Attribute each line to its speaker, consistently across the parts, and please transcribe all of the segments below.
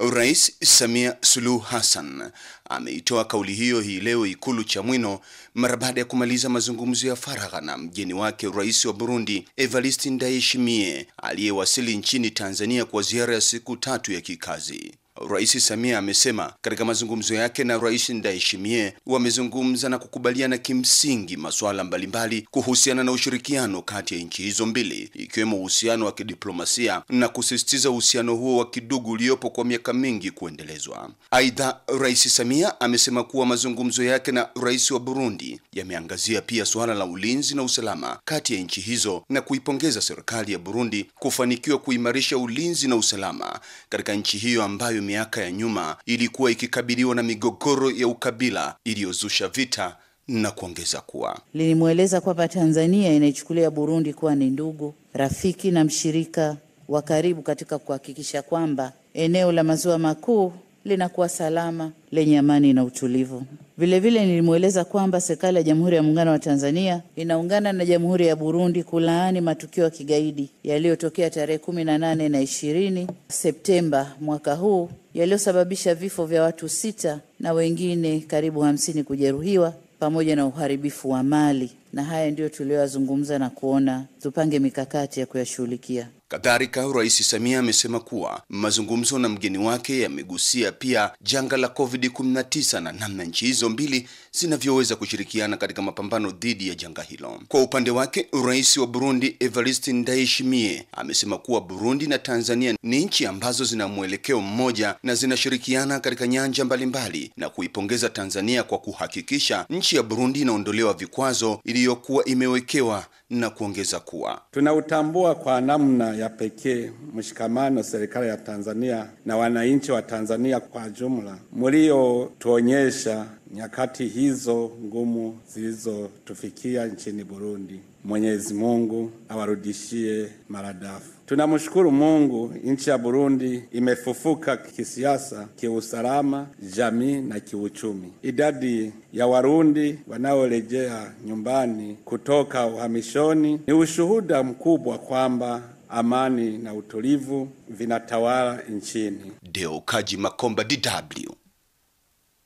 Speaker 1: Rais Samia Suluhu Hassan ameitoa kauli hiyo hii leo Ikulu Chamwino mara baada ya kumaliza mazungumzo ya faragha na mgeni wake Rais wa Burundi Evariste Ndayishimiye aliyewasili nchini Tanzania kwa ziara ya siku tatu ya kikazi. Rais Samia amesema katika mazungumzo yake na Rais Ndayishimiye wamezungumza na kukubaliana kimsingi masuala mbalimbali kuhusiana na ushirikiano kati ya nchi hizo mbili, ikiwemo uhusiano wa kidiplomasia na kusisitiza uhusiano huo wa kidugu uliopo kwa miaka mingi kuendelezwa. Aidha, Rais Samia amesema kuwa mazungumzo yake na Rais wa Burundi yameangazia pia suala la ulinzi na usalama kati ya nchi hizo na kuipongeza serikali ya Burundi kufanikiwa kuimarisha ulinzi na usalama katika nchi hiyo ambayo miaka ya nyuma ilikuwa ikikabiliwa na migogoro ya ukabila iliyozusha vita na kuongeza kuwa
Speaker 2: lilimweleza kwamba Tanzania inaichukulia Burundi kuwa ni ndugu, rafiki na mshirika wa karibu katika kuhakikisha kwamba eneo la maziwa makuu linakuwa salama, lenye amani na utulivu. Vilevile nilimweleza kwamba serikali ya Jamhuri ya Muungano wa Tanzania inaungana na Jamhuri ya Burundi kulaani matukio ya kigaidi yaliyotokea tarehe kumi na nane na ishirini Septemba mwaka huu yaliyosababisha vifo vya watu sita na wengine karibu hamsini kujeruhiwa pamoja na uharibifu wa mali na haya ndiyo tuliyoyazungumza na kuona tupange mikakati ya kuyashughulikia.
Speaker 1: Kadhalika, Rais Samia amesema kuwa mazungumzo na mgeni wake yamegusia pia janga la COVID-19 na namna nchi hizo mbili zinavyoweza kushirikiana katika mapambano dhidi ya janga hilo. Kwa upande wake, Rais wa Burundi Evariste Ndayishimiye amesema kuwa Burundi na Tanzania ni nchi ambazo zina mwelekeo mmoja na zinashirikiana katika nyanja mbalimbali mbali, na kuipongeza Tanzania kwa kuhakikisha nchi ya Burundi inaondolewa vikwazo ili iliyokuwa imewekewa na kuongeza kuwa
Speaker 3: tunautambua kwa namna ya pekee mshikamano serikali ya Tanzania na wananchi wa Tanzania kwa jumla mliotuonyesha nyakati hizo ngumu zilizotufikia nchini Burundi. Mwenyezi Mungu awarudishie maradafu. Tunamshukuru Mungu, nchi ya Burundi imefufuka kisiasa, kiusalama, jamii na kiuchumi. Idadi ya Warundi wanaorejea nyumbani kutoka uhamisho mwishoni, ni ushuhuda mkubwa kwamba amani na utulivu vinatawala nchini. Deo Kaji Makomba, DW,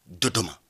Speaker 3: Dodoma.